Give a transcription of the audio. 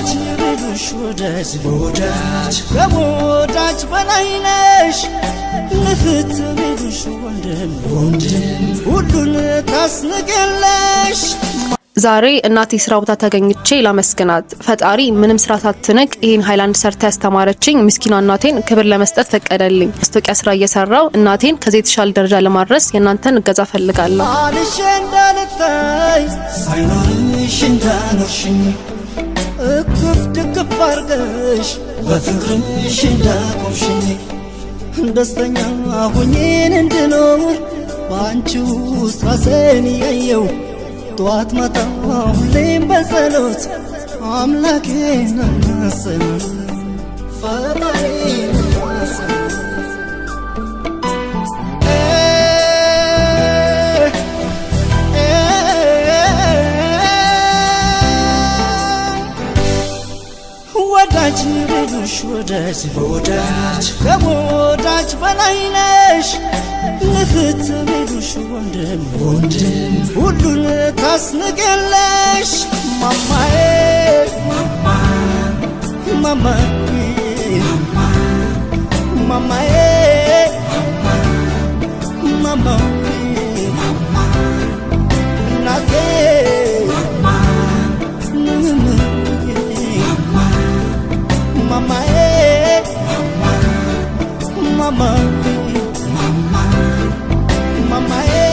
ወዳጅ የቤሉሽ ወዳጅ ወዳጅ ከወዳጅ በላይ ነሽ ንፍት ወንድም ወንድም ሁሉን ታስንቅለሽ ዛሬ እናቴ ስራ ቦታ ተገኝቼ ላመስግናት። ፈጣሪ ምንም ስራ ሳትንቅ ይህን ሃይላንድ ሰርታ ያስተማረችኝ ምስኪኗ እናቴን ክብር ለመስጠት ፈቀደልኝ። ማስታወቂያ ስራ እየሰራው እናቴን ከዚህ የተሻለ ደረጃ ለማድረስ የእናንተን እገዛ ፈልጋለሁ። እቅፍ ድግፍ አርገሽ በፍቅርሽ እንዳቆምሽኝ ደስተኛ ሁኜን እንድኖር በአንቺ ውስጥ ራሴን እያየው ጠዋት ማታ ሁሌም በጸሎት አምላኬን አመስግን ፈጣሪን አመስግን ወዳጅ ልልሽ ወዳጅ ወዳጅ ከወዳጅ በላይ ነሽ ንፍት ልልሽ ወንድም ወንድም ሁሉን ታስንቅለሽ ማማዬ ማማ ማማዬ ማማዬ mama eh mama mama eh, mama eh